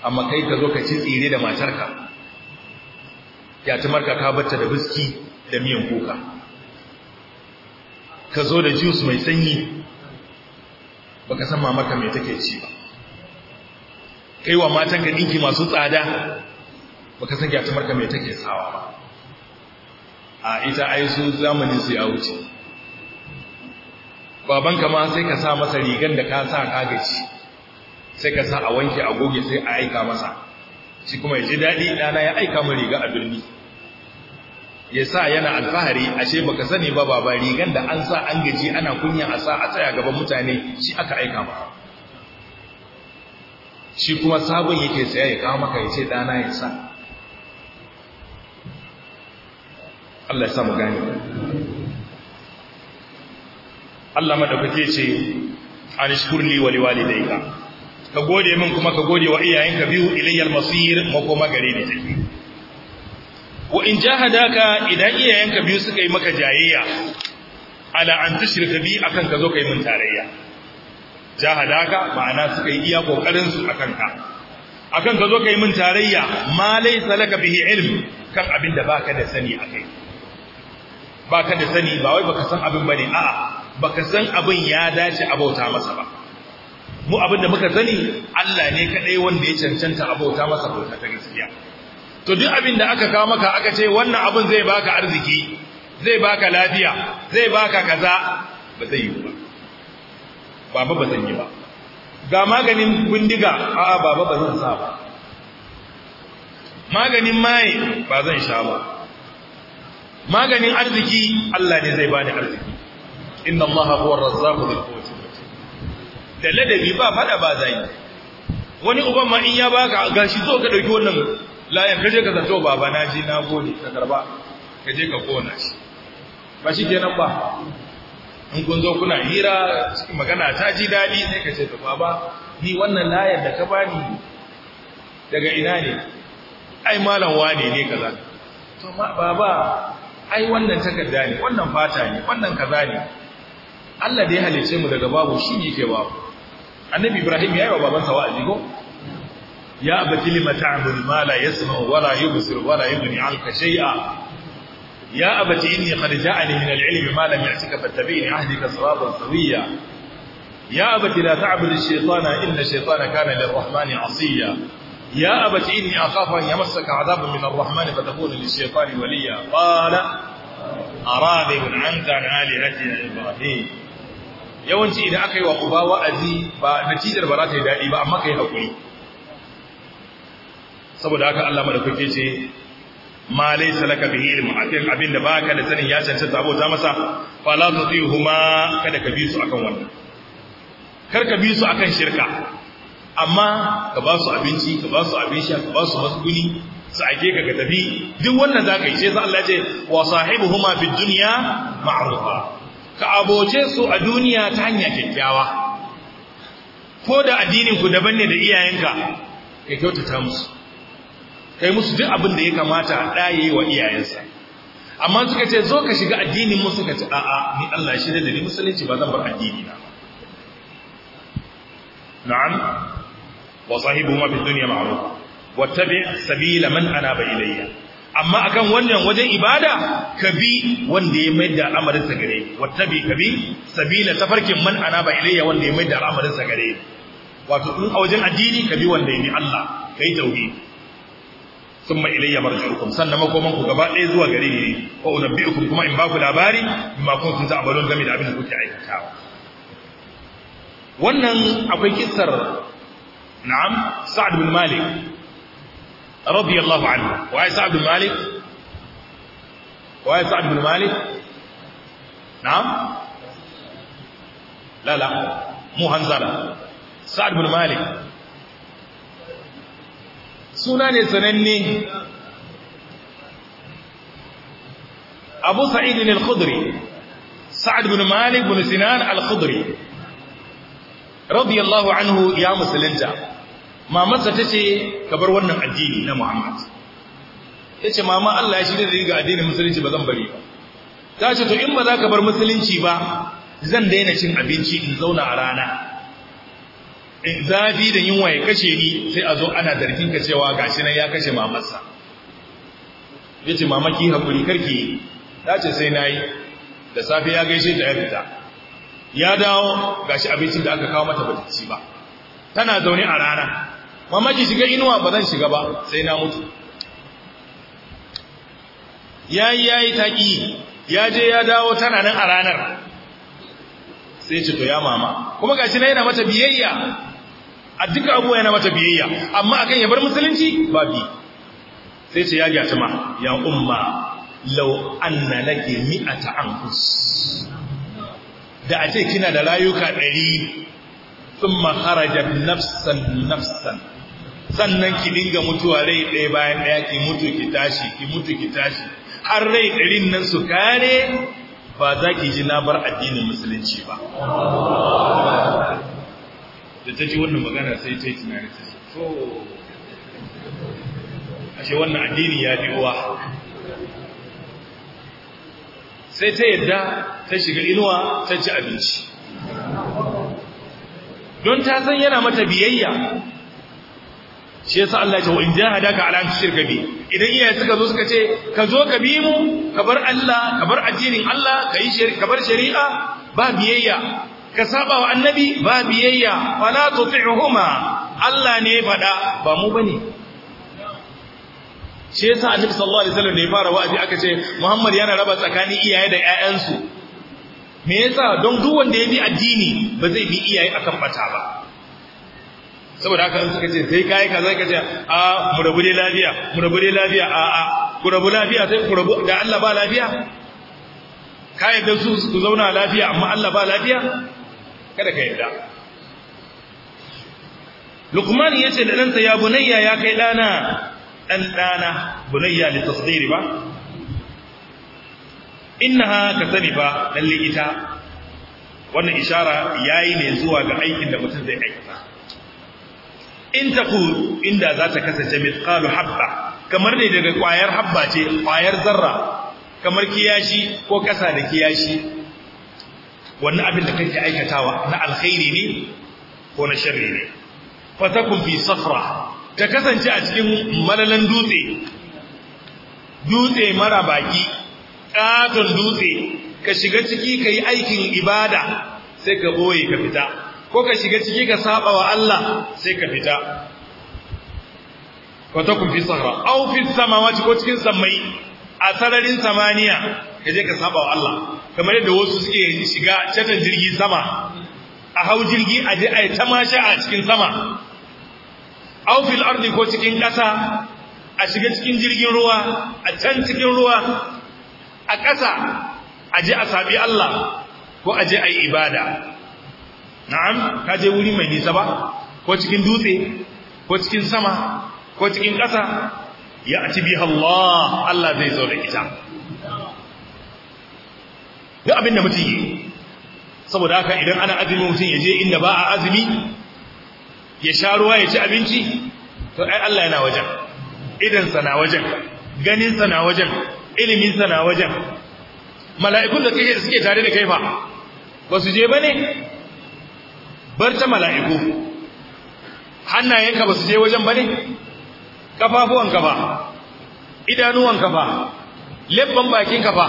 S1: amma kai ka zo ka ci tsire da matarka ya marka ka batta da biski da miyan kuka ka zo da jus mai sanyi ba ka san mamarka mai take ci ba kai wa matanka ɗinki masu tsada ba ka san ya marka mai take sawa ba a ita ai su zamani su ya wuce babanka ma sai ka sa masa rigar da ka sa ka sai ka sa a wanke a goge sai a aika masa shi kuma ya ji daɗi ɗana ya aika mu riga a birni ya sa yana alfahari ashe baka sani ba baba rigan da an sa an gaji ana kunya a sa a tsaya gaban mutane shi aka aika ba. shi kuma sabon yake saya ya kawo maka ya ce ɗana ya sa Allah ya sa mu gani Allah madaukake ce an wali-wali wa liwalidayka ka gode min kuma ka gode wa iyayenka biyu ilayyal masir makoma gare ni take wa in jahadaka idan iyayenka biyu suka yi maka jayayya ala an tushrika bi akan ka zo kai min tarayya jahadaka ma'ana suka yi iya kokarin su akan ka akan ka zo kai min tarayya ma laysa laka bihi ilm kan abin da baka da sani akai baka da sani ba wai baka san abin bane a'a baka san abin ya dace abauta masa ba mu abinda muka sani Allah ne kadai wanda ya cancanta abota masa bauta ta gaskiya to duk abin da aka kawo maka aka ce wannan abin zai baka arziki zai baka lafiya zai baka kaza ba zai yi ba baba ba zan yi ba ga maganin bindiga a'a baba ba zan sa ba maganin maye ba zan sha ba maganin arziki Allah ne zai bani arziki inna Allah huwa ar-razzaqu dhul da ladabi ba fada ba zai wani uban ma in ya baka gashi zo ka dauki wannan layan kaje ka zato baba na ji na gode ka karba kaje ka kona shi ba shi kenan ba in kun zo kuna hira cikin magana ta ji dadi sai ka ce to baba ni wannan layan da ka bani daga ina ne ai malam wane ne kaza to baba ai wannan takarda ne wannan fata ne wannan kaza ne Allah da ya halice mu daga babu shi ne ke babu annabi ibrahim yayi wa babansa wa'azi go ya abati lima ta'bud ma la yasma wa la yubsir wa la yughni 'anka shay'a ya abati inni qad ja'ani min al-'ilmi ma lam ya'tika fattabi'ni ahdika siratan sawiyya ya abati la ta'budu ash-shaytana inna ash-shaytana kana lir-rahmani 'asiya يا أبت إني أخاف أن يمسك عذاب من الرحمن فتكون للشيطان وليا قال أراغب عنك عن آلهتي يا إبراهيم yawanci idan aka yi wa uba wa'azi ba natijar ba za ta yi daɗi ba amma ka yi haƙuri saboda haka Allah madaukake ce ma laysa laka bihi ilm akan abin da da sanin ya cancanta abota masa fa la tutihuma kada ka bi su akan wannan kar ka bi su akan shirka amma ka ba su abinci ka ba su abin sha ka ba su maskuni su ake ka ka tafi duk wannan zaka yi sai Allah ya ce wa sahibuhuma fid dunya ma'rufa ka aboce su a duniya ta hanya kyakkyawa ko da addinin ku daban ne da iyayenka ka kyautata musu kai musu duk abin da ya kamata da yayi wa iyayensa amma suka ce zo ka shiga addinin mu suka ce a'a ni Allah shi da ni musulunci ba zan bar addini na na'am wa sahibu ma fi dunya ma'ruf tabi' sabila man anaba ilayya amma akan wannan wajen ibada ka bi wanda ya mai da al'amarin sa gare wattabi ka bi sabila tafarkin man anaba ilayya wanda ya mai da al'amarin sa gare wato in a wajen addini ka bi wanda ya bi Allah kai tauhid thumma ilayya marji'ukum sannan makoman ku gaba ɗaya zuwa gare ni wa unabbi'ukum kuma in ba ku labari bima kuntum ta'malun game da abin da kuke aikata. wannan akwai kissar na'am sa'ad bin malik radiyallahu anhu waye sa'd bin malik waye sa'd bin malik na'am la la mu hanzala sa'd bin malik suna sananne abu sa'id al-khudri sa'd bin malik bin sinan al-khudri radiyallahu anhu ya musulunta mamarsa ta ce ka bar wannan addini na muhammad ta ce mama allah ya shirya da riga addinin musulunci ba zan bari ba ta ce to in ba za ka bar musulunci ba zan daina cin abinci in zauna a rana in zafi da yunwa ya kashe ni sai a zo ana zargin ka cewa shi nan ya kashe mamarsa ya ce mamaki haƙuri karki ta ce sai na yi da safe ya gaishe da ya fita ya dawo ga shi abincin da aka kawo mata ta ci ba tana zaune a rana mamaki shiga inuwa ba zan shiga ba sai na mutu yayi yayi taki ya je ya dawo tana nan a ranar sai ce to ya mama kuma gashi na yana mata biyayya a duka abuwa yana mata biyayya amma akan ya bar musulunci ba bi sai ce ya gyata ma ya umma law anna laki mi'ata anfus da a ce kina da rayuka ɗari sun maharajat nafsan nafsan sannan ki dinga mutuwa rai ɗaya bayan ɗaya ki mutu ki tashi ki mutu ki tashi har rai ɗarin nan su kare ba za ki ji na bar addinin musulunci ba da ta ji wannan magana sai ta yi tunani ta ce to ashe wannan addini ya fi uwa sai ta yadda ta shiga inuwa ta ci abinci don ta san yana mata biyayya shi yasa Allah ya ce wa in jahadaka ala an bi idan iyaye suka zo suka ce ka zo ka bi mu ka bar Allah ka bar addinin Allah ka yi shari'a ka bar shari'a ba biyayya ka saba wa annabi ba biyayya fala tuti'huma Allah ne fada ba mu bane shi yasa annabi sallallahu alaihi wasallam da ya fara wa'azi aka ce Muhammad yana raba tsakanin iyaye da ƴaƴansu me yasa don duk wanda ya bi addini ba zai bi iyaye akan bata ba saboda haka suka ce sai kai kaza ka ce a mu rabu dai lafiya mu rabu dai lafiya a a ku rabu lafiya sai ku rabu da Allah ba lafiya ka yadda su ku zauna lafiya amma Allah ba lafiya kada ka yarda. Luqman yace da ɗansa ya bunayya ya kai ɗana ɗan ɗana bunayya li tasdiri ba innaha kasarifa lalle ita wannan ishara yayi ne zuwa ga aikin da mutum zai aikata in taku inda za ta kasance mithqalu habba kamar ne daga kwayar habba ce kwayar zarra kamar kiyashi ko kasa da kiyashi wannan abin da kake aikatawa na alkhairi ne ko na sharri ne fatakun fi safra ta kasance a cikin malalan dutse dutse mara baki katon dutse ka shiga ciki kai aikin ibada sai ka boye ka fita ko ka shiga ciki ka saba wa Allah sai ka fita wata kun fi sahara au fi samawati ko cikin samai a sararin samaniya ka je ka saba wa Allah kamar yadda wasu suke shiga catan jirgi sama a hau jirgi a je a yi tamasha a cikin sama aw fil ardi ko cikin ƙasa a shiga cikin jirgin ruwa a can cikin ruwa a ƙasa a je a sabi Allah ko a je a yi ibada na'am ka je wuri mai nisa ba ko cikin dutse ko cikin sama ko cikin ƙasa ya ci biya Allah Allah zai zo da ita duk abin da mutum yi saboda haka idan ana azumi mutum ya je inda ba a azumi ya sha ruwa ya ci abinci to ai Allah yana wajen idansa na wajen ganinsa na wajen iliminsa na wajen mala'ikun da suke tare da kai fa ba su je ba ne bar ta mala'iku hannayenka ba su je wajen ba ne ƙafafuwanka ba idanuwanka ba lebban bakinka ba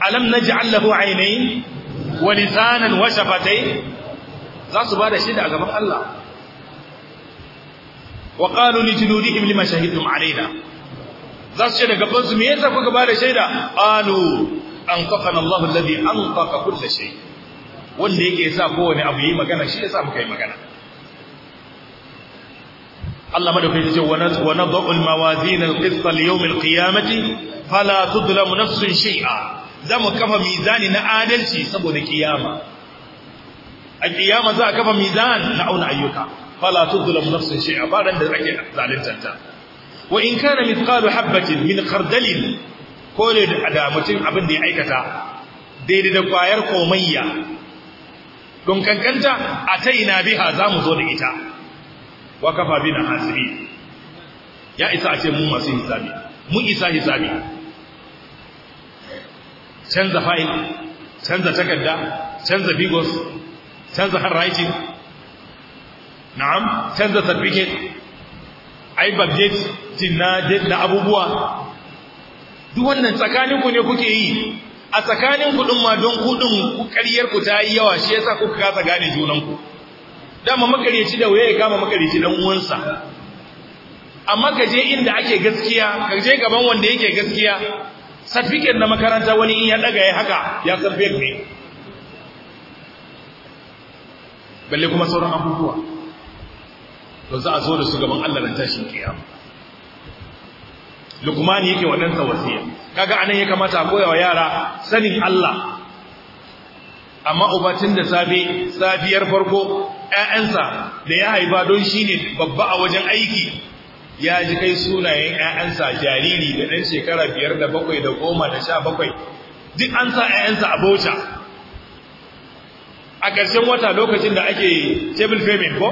S1: alam na ji allahu ainihin wani tsanan wa shafatai za su ba da shi da a gaban allah wa ni li juludihim lima shahidtum alaina za su ce da gaban su me yasa kuka ba da shaida qalu an qafana allah alladhi anfaqa kull shay' wanda yake sa kowane abu yi magana shi yasa muka yi magana Allah madaukakin ce wa nadhu al-mawazin al-qist al-yawm al-qiyamati fala tudlamu nafsun shay'a zamu kafa mizani na adalci saboda kiyama a kiyama za a kafa mizan na auna ayyuka fala tudlamu nafsun shay'a ba ran da ake zalunta wa in kana mithqalu habatin min khardalin ko da mutum abin da ya aikata daidai da kwayar komayya don kankanta a ta ina biha za mu zo da ita wa kafa na hasiri ya isa a ce mu masu hisabi mun isa hisabi canza fayil canza takarda canza bigos canza handwriting na'am canza certificate ai babdate na abubuwa duk wannan tsakaninku ne kuke yi a tsakanin kuɗin ma don kuɗin ku ku ta yi yawa shi yasa kuka kasa gane junanku dama makareci da waye ya kama makareci dan uwansa amma ka je inda ake gaskiya ka je gaban wanda yake gaskiya certificate na makaranta wani in ya daga ya haka ya san fake ne balle kuma sauran abubuwa to za a zo da su gaban Allah nan tashin kiyama lukmani yake wa ɗansa wasiya kaga anan ya kamata a koya yara sanin Allah amma ubatin da safe safiyar farko ƴaƴansa da ya haifa don shine babba a wajen aiki ya ji kai sunayen ƴaƴansa jariri da ɗan shekara biyar da bakwai da goma da sha duk an sa ƴaƴansa a bauta a ƙarshen wata lokacin da ake table payment ko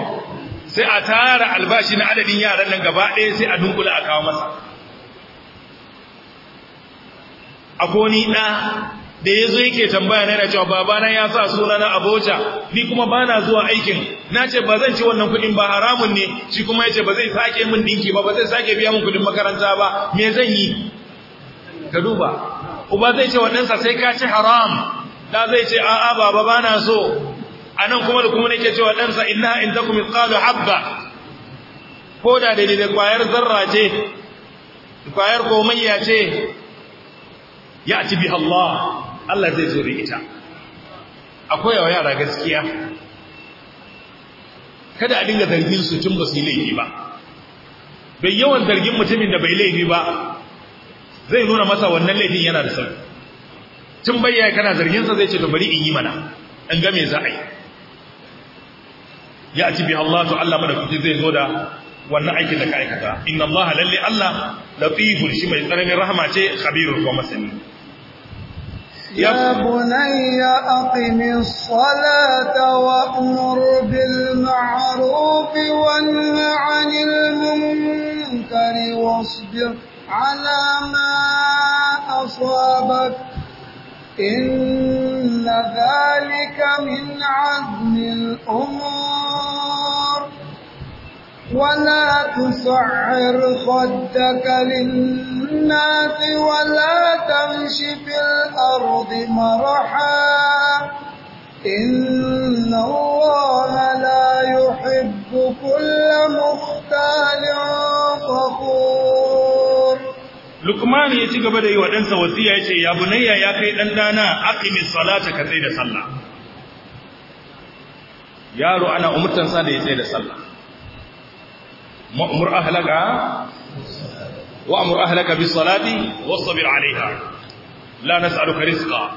S1: sai a tara albashi na adadin yaran nan gaba ɗaya sai a dunkula a kawo masa Akoni da ɗa da yazo yake tambaya na yana cewa babana ya sa suna na abuja ni kuma ba zuwa aikin nace ce ba zan ci wannan kuɗin ba haramun ne shi kuma yace ce ba zai sake min ɗinki ba ba zai sake biya min kuɗin makaranta ba me zan yi ka duba uba zai ce waɗansa sai ka ci haram da zai ce a'a baba ba so anan kuma da kuma nake cewa ɗansa inna in takum qalu habba koda da da kwayar zarra ce kwayar komayya ce ya ci biha Allah Allah zai zo da ita akwai yawa yara gaskiya kada a dinga zargin su tun ba su yi laifi ba bai yawan zargin mutumin da bai laifi ba zai nuna masa wannan laifin yana da sauki tun bayyana kana zarginsa zai ce to bari in yi mana in ga me za a yi ya ci bi Allah to Allah kuke zai zo da wannan aikin da ka aikata inna Allah lalle Allah latifun shi mai tsananin rahama ce khabirul wa masani يا
S2: بني أقم الصلاة وأمر بالمعروف وانه عن المنكر واصبر على ما أصابك إن ذلك من عزم الأمور ولا تسعر خدك للناس ولا تمش في الأرض مرحا إن الله لا يحب كل مختال فخور
S1: لقمان يتيك بدأي ودنسى وسيا يتي يا بني يا كي دندانا أقم الصلاة كتير صلى yaro ana umurtansa da ya tsaye da sallah wa'mur ahlaka wa'mur ahlaka bis-salati wasbir 'alayha la nas'aluka rizqan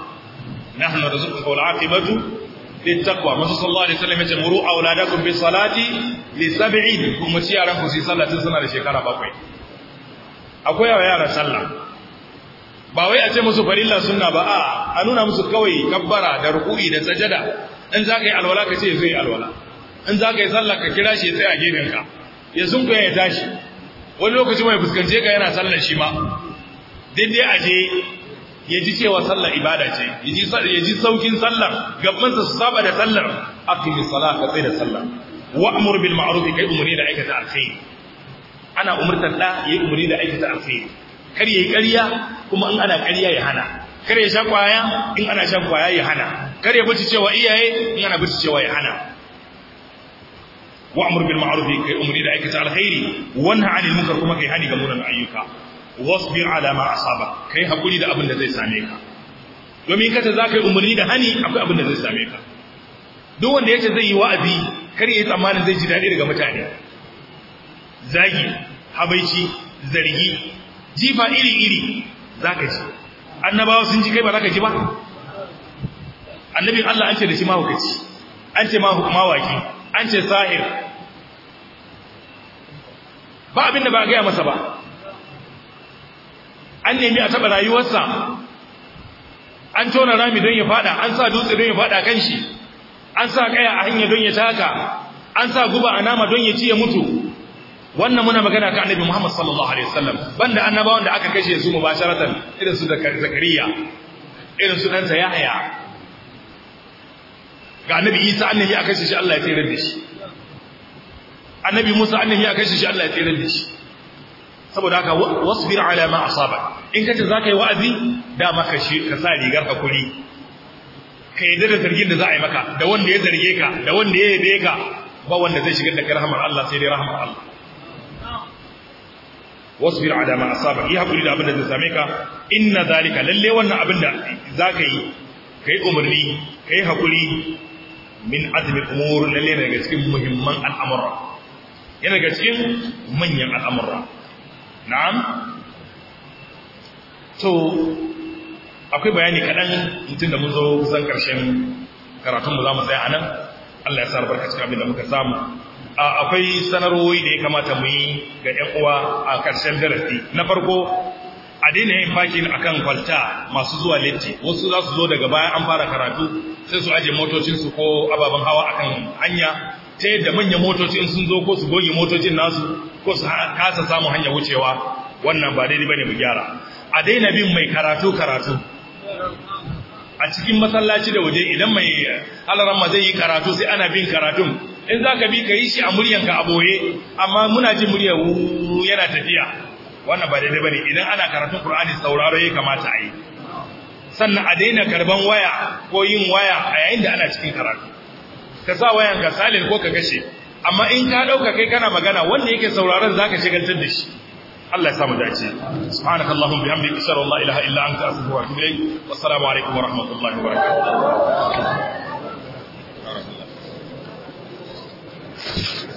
S1: nahnu narzuquka wal-'aqibatu lit-taqwa Masa sallallahu alaihi wasallam yace salati li-sab'in kuma ci yaran ku su sallah tun da shekara bakwai akwai yawa yara sallah ba wai a ce musu farilla suna ba a a nuna musu kawai kabbara da ruku'i da sajada in za ka yi alwala ka ce zai alwala in za ka yi sallah ka kira shi ya tsaya ka. ya sunkuya ya tashi wani lokaci mai fuskance ka yana sallar shi ma daidai aje ya ji cewa sallar ibada ce ya ji saukin sallar gabansa su saba da sallar aqimi salat ka tsaya da sallar wa'mur bil ma'ruf kai umarni da aikata alkhairi ana umurtar da yayi umarni da aikata alkhairi kar yayi ƙarya kuma in ana ƙarya ya hana kar ya sha kwaya in ana sha kwaya ya hana kar ya bici cewa iyaye in ana bici cewa ya hana wa'mur bil ma'ruf kai umri da aikata alkhairi wanha 'anil munkar kuma kai hani ga munan ayyuka wasbir 'ala ma asaba kai hakuri da abin da zai same ka domin kace kai umri da hani akwai abin da zai same ka duk wanda yace zai yi wa'azi kar yayi tsammanin zai ji dadi daga mutane zagi habaici zargi jifa iri iri zaka ji annabawa sun ji kai ba zaka ji ba Annabi Allah an ce da shi mahaukaci an ce mawaki an ce sahir ba abin da ba gaya masa ba an nemi a taɓa rayuwarsa an tona rami don ya fada an sa dutse don ya fada kan shi an sa kaya a hanya don ya taka an sa guba a nama don ya ci ya mutu wannan muna magana ka annabi Muhammad sallallahu alaihi wasallam banda annabawan da aka kashe su mubasharatan irin su Zakariya irin su ɗansa Yahya ga annabi Isa annabi aka kashe shi Allah ya tsere da shi annabi Musa annabi ya kashe shi Allah ya tsere da shi saboda haka wasbir ala ma asaba in kace zaka yi wa'azi da maka shi ka sa rigar hakuri ka yarda da zargin da za a yi maka da wanda ya zarge ka da wanda ya yabe ka ba wanda zai shigar da kai rahmar Allah sai dai rahmar Allah wasbir ala ma asaba yi hakuri da abin da zai same ka inna zalika lalle wannan abin da zaka yi kai umarni kai hakuri min azmi umur lalle daga cikin muhimman al'amura yana ga cikin manyan al'amura na'am to akwai bayani kaɗan mutum da mun zo kusan ƙarshen karatunmu za mu tsaya a nan allah ya sa ka cikin abin da muka samu akwai sanarwoyi da ya kamata mu yi ga 'yan uwa a karshen darasi na farko a daina yin fakin akan kwalta masu zuwa letti wasu za su zo daga bayan an fara karatu sai su aje motocinsu ko ababen hawa akan hanya ta yadda manyan motoci in sun zo ko su goge motocin nasu ko su kasa samun hanyar wucewa wannan ba daidai bane mu gyara a daina bin mai karatu karatu a cikin masallaci da waje idan mai alaramma zai yi karatu sai ana bin karatun in za ka bi ka yi shi a muryanka a boye amma muna jin murya yana tafiya wannan ba daidai bane idan ana karatun qur'ani sauraro ya kamata a yi sannan a daina karban waya ko yin waya a yayin da ana cikin karatu ka sa wayan ka salin ko ka kashe amma in ka dauka kai kana magana wanda yake sauraron zaka shigaltar da shi Allah ya samu dace subhanaka allahumma bihamdika ashhadu an la ilaha illa anta astaghfiruka wa atubu ilayk wassalamu alaikum wa rahmatullahi wa barakatuh